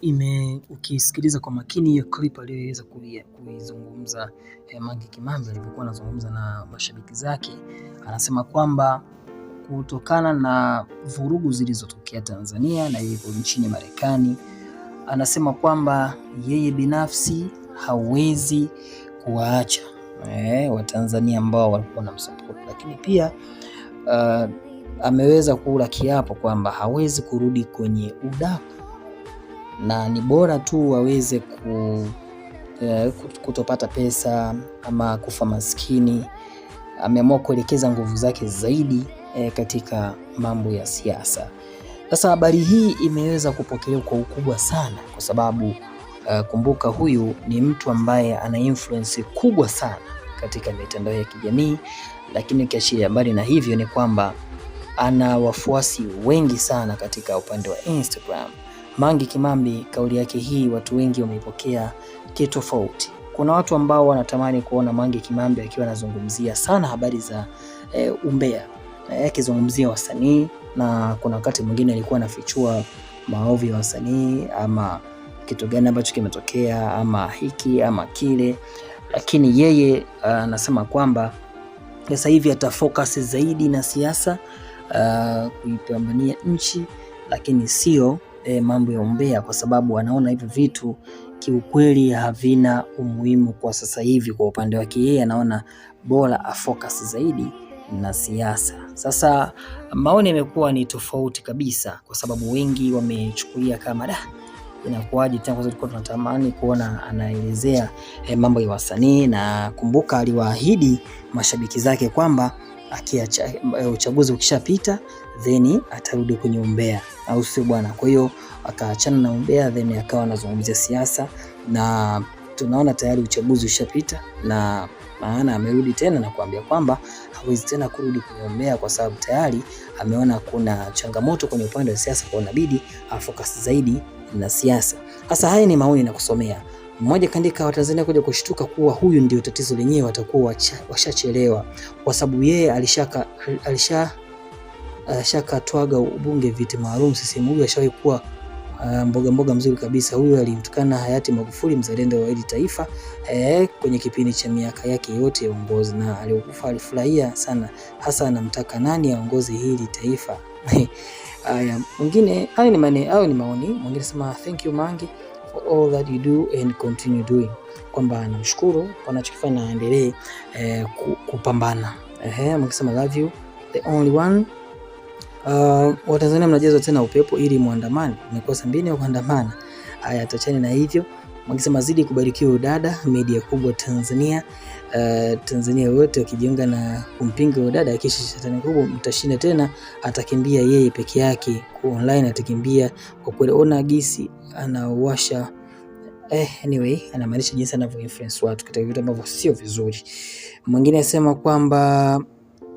Ime ukisikiliza kwa makini hiyo clip aliyoweza kuizungumza eh, Mange Kimambi alipokuwa anazungumza na mashabiki zake, anasema kwamba kutokana na vurugu zilizotokea Tanzania na yuko nchini Marekani, anasema kwamba yeye binafsi hawezi kuwaacha eh, Watanzania ambao walikuwa na msapoti, lakini pia uh, ameweza kula kiapo kwamba hawezi kurudi kwenye udaku na ni bora tu waweze ku, eh, kutopata pesa ama kufa maskini. Ameamua kuelekeza nguvu zake zaidi eh, katika mambo ya siasa. Sasa habari hii imeweza kupokelewa kwa ukubwa sana, kwa sababu uh, kumbuka huyu ni mtu ambaye ana influence kubwa sana katika mitandao ya kijamii, lakini kiashiria mbali na hivyo, ni kwamba ana wafuasi wengi sana katika upande wa Instagram. Mangi Kimambi, kauli yake hii watu wengi wameipokea kitofauti. Kuna watu ambao wanatamani kuona mangi Kimambi akiwa anazungumzia sana habari za e, umbea eh, akizungumzia e, wasanii na kuna wakati mwingine alikuwa anafichua maovu ya wasanii ama kitu gani ambacho kimetokea ama hiki ama kile, lakini yeye eh, anasema kwamba sasa hivi atafocus zaidi na siasa, kuipambania nchi, lakini sio e, mambo ya umbea, kwa sababu anaona hivi vitu kiukweli havina umuhimu kwa sasa hivi. Kwa upande wake yeye anaona bora afocus zaidi na siasa. Sasa maoni yamekuwa ni tofauti kabisa, kwa sababu wengi wamechukulia kama da inakuwaje tena, tulikuwa tunatamani kuona anaelezea eh, mambo ya wasanii, na kumbuka aliwaahidi mashabiki zake kwamba akiacha eh, uchaguzi ukishapita then atarudi kwenye umbea, au sio bwana? Kwa hiyo akaachana na umbea, then akawa anazungumzia siasa, na tunaona tayari uchaguzi ushapita, na maana amerudi tena na kuambia kwamba hawezi tena kurudi kwenye umbea kwa sababu tayari ameona kuna changamoto kwenye upande wa siasa, kwa inabidi afokasi zaidi na siasa. Sasa haya ni maoni na kusomea mmoja kaandika, Watanzania kuja kushtuka kuwa huyu ndio tatizo lenyewe, watakuwa washachelewa, kwa sababu yeye alishaka alisha uh, twaga ubunge viti maalum sisi Huyu ashawahi kuwa uh, mboga mboga mzuri kabisa. Huyu alimtukana hayati Magufuli, mzalendo wa hili taifa eh, kwenye kipindi cha miaka yake yote ya uongozi, na aliokufa alifurahia sana, hasa anamtaka nani aongoze hili taifa. Haya, mwingine hayo ni maoni hayo ni maoni mwingine, sema thank you Mangi for all that you do and continue doing, kwamba anamshukuru anachokifanya na aendelee eh, kupambana. Ehe, mwingine sema love you the only one Uh, Watanzania mnajazwa tena upepo ili muandamane, mmekosa mbinu ya kuandamana. Haya, tuachane na hivyo mwakisema zidi kubarikiwa udada, media kubwa Tanzania. Uh, Tanzania wote wakijiunga na kumpinga udada, kisha shetani kubwa, mtashinda tena. Atakimbia yeye peke yake kwa online, atakimbia kwa kweli. Ona gisi anawasha eh, anyway, anamaanisha jinsi anavyo influence watu katika vitu ambavyo sio vizuri. Mwingine asema kwamba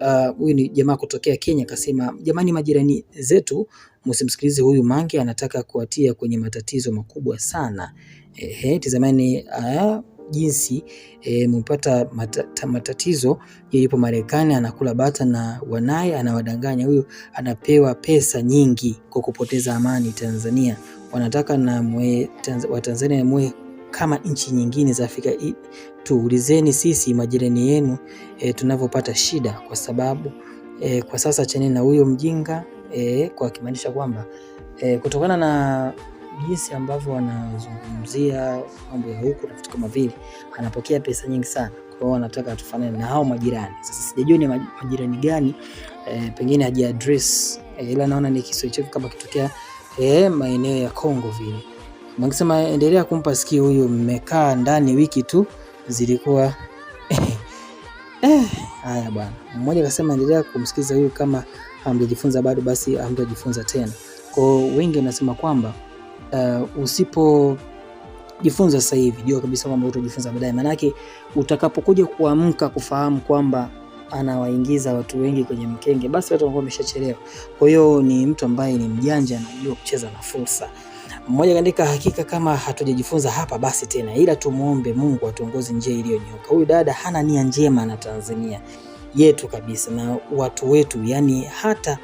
Uh, huyu uh, ni jamaa kutokea Kenya akasema, jamani, majirani zetu msimsikilize huyu Mange, anataka kuatia kwenye matatizo makubwa sana. Ehe, tazamani uh, jinsi e, eh, mpata mata, matatizo. yupo Marekani anakula bata na wanaye anawadanganya, huyu anapewa pesa nyingi kwa kupoteza amani Tanzania. Wanataka na mwe, Tanz, Watanzania mwe kama nchi nyingine za Afrika. Tuulizeni sisi majirani yenu e, tunavyopata shida, kwa sababu e, kwa sasa chaneni na huyo mjinga e, kwa kimaanisha kwamba e, kutokana na jinsi ambavyo wanazungumzia mambo ya huku na vitu kama vile, anapokea pesa nyingi sana. Kwa hiyo wanataka tufanane na hao majirani. Sasa sijajua ni majirani gani e, pengine haja address e, ila naona ni Kiswahili chetu kama kitokea e, maeneo ya Kongo vile Mkisema endelea kumpa sikio huyu, mmekaa ndani wiki tu zilikuwa eh, haya eh, bwana. Mmoja akasema endelea kumsikiza huyu, kama hamjajifunza bado basi hamtajifunza tena. Kwa wengi wanasema kwamba uh, eh, usipo jifunza sasa hivi, jua kabisa kwamba utajifunza baadaye. Maanake utakapokuja kuamka kufahamu kwamba anawaingiza watu wengi kwenye mkenge, basi watu wanakuwa wameshachelewa. Kwa hiyo ni mtu ambaye ni mjanja, anajua kucheza na fursa. Mmoja kaandika hakika kama hatujajifunza hapa basi tena, ila tumuombe Mungu atuongoze njia iliyonyooka. Huyu dada hana nia njema na Tanzania yetu kabisa na watu wetu, yani hata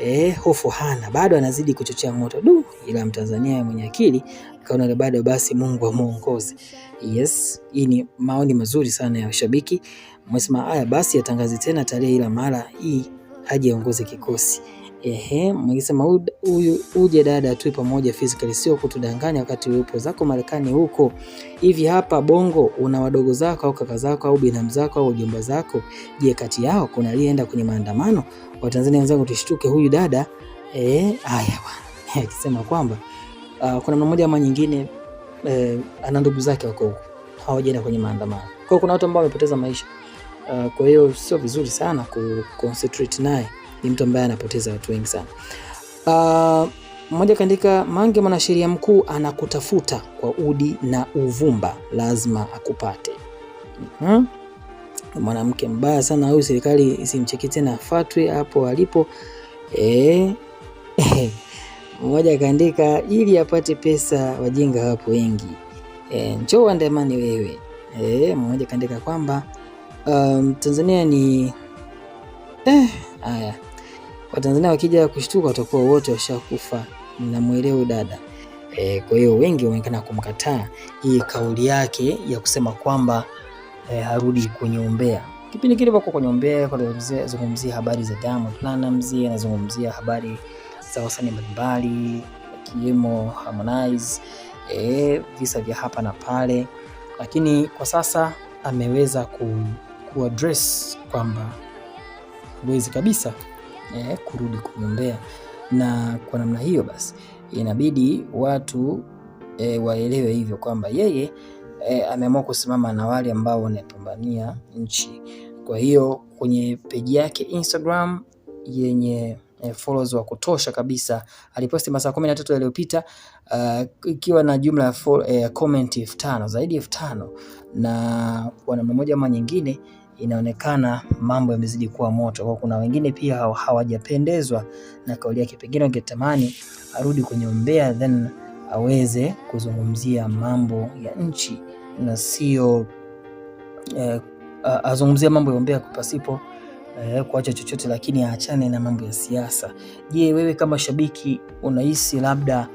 eh, hofu hana, bado anazidi kuchochea moto du. Ila mtanzania mwenye akili kaona bado basi Mungu amuongoze. Yes, hii ni maoni mazuri sana ya washabiki. Mwesema haya basi atangaze tena tarehe, ila mara hii aje aongoze kikosi. Ehe, mkisema huyu uje dada tu pamoja physically, sio kutudanganya wakati yupo zako Marekani huko. Hivi hapa Bongo una wadogo zako au kaka zako au binamu zako au jomba zako, je, kati yao kuna aliyeenda kwenye maandamano? Watanzania wenzangu tushtuke, huyu dada eh, haya bwana akisema kwamba uh, kuna mmoja mmoja ama nyingine eh, ana ndugu zake wako huko hawajaenda kwenye maandamano, kwa hiyo kuna watu ambao wamepoteza maisha uh, kwa hiyo sio vizuri sana ku concentrate naye ni mtu ambaye anapoteza watu wengi sana. Uh, mmoja kaandika Mange, mwanasheria mkuu anakutafuta kwa udi na uvumba, lazima akupate. mm Mwanamke mbaya sana huyu, serikali isimcheke tena, fatwe hapo alipo. E, mmoja akaandika ili apate pesa wajinga wapo wengi, e, njoo andamani wewe. E, mmoja akaandika kwamba um, Tanzania ni eh, haya Watanzania wakija kushtuka watakuwa wote washakufa, mnamwelewa dada e. Kwa hiyo wengi waonekana kumkataa hii kauli yake ya kusema kwamba e, harudi kwenye umbea. Kipindi kile kwa kwenye umbea, anazungumzia habari za Diamond Platnumz, anazungumzia habari za wasanii mbalimbali akiwemo Harmonize e, visa vya hapa na pale, lakini kwa sasa ameweza ku, ku address kwamba huwezi kabisa eh, kurudi kugombea, na kwa namna hiyo basi inabidi watu eh, waelewe hivyo kwamba yeye eh, ameamua kusimama na wale ambao wanapambania nchi. Kwa hiyo kwenye peji yake Instagram yenye e, followers wa kutosha kabisa aliposti masaa kumi na tatu yaliyopita uh, ikiwa na jumla ya e, comment elfu tano zaidi elfu tano na kwa namna moja ama nyingine inaonekana mambo yamezidi kuwa moto, kwa kuna wengine pia hawajapendezwa na kauli yake, pengine wangetamani arudi kwenye umbea then aweze kuzungumzia mambo ya nchi na sio eh, azungumzia mambo ya umbea pasipo eh, kuacha chochote, lakini aachane na mambo ya siasa. Je, wewe kama shabiki unahisi labda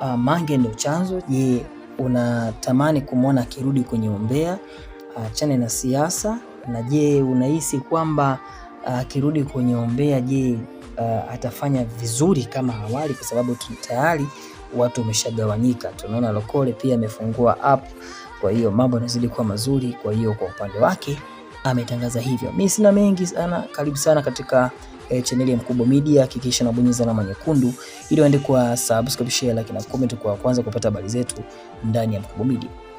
uh, Mange ndio chanzo? Je, unatamani kumwona akirudi kwenye umbea, aachane na siasa? na je, unahisi kwamba uh, akirudi uh, kwenye ombea, je, uh, atafanya vizuri kama awali? Kwa sababu tayari watu wameshagawanyika, tunaona Lokole pia amefungua app, kwa hiyo mambo yanazidi kuwa mazuri. Kwa hiyo kwa upande wake ametangaza hivyo. Mimi sina mengi sana, karibu sana katika eh, chaneli ya Mkubwa Media. Hakikisha unabonyeza alama nyekundu ili uende kwa subscribe, share, like na comment kwa kwanza kupata habari zetu ndani ya Mkubwa Media.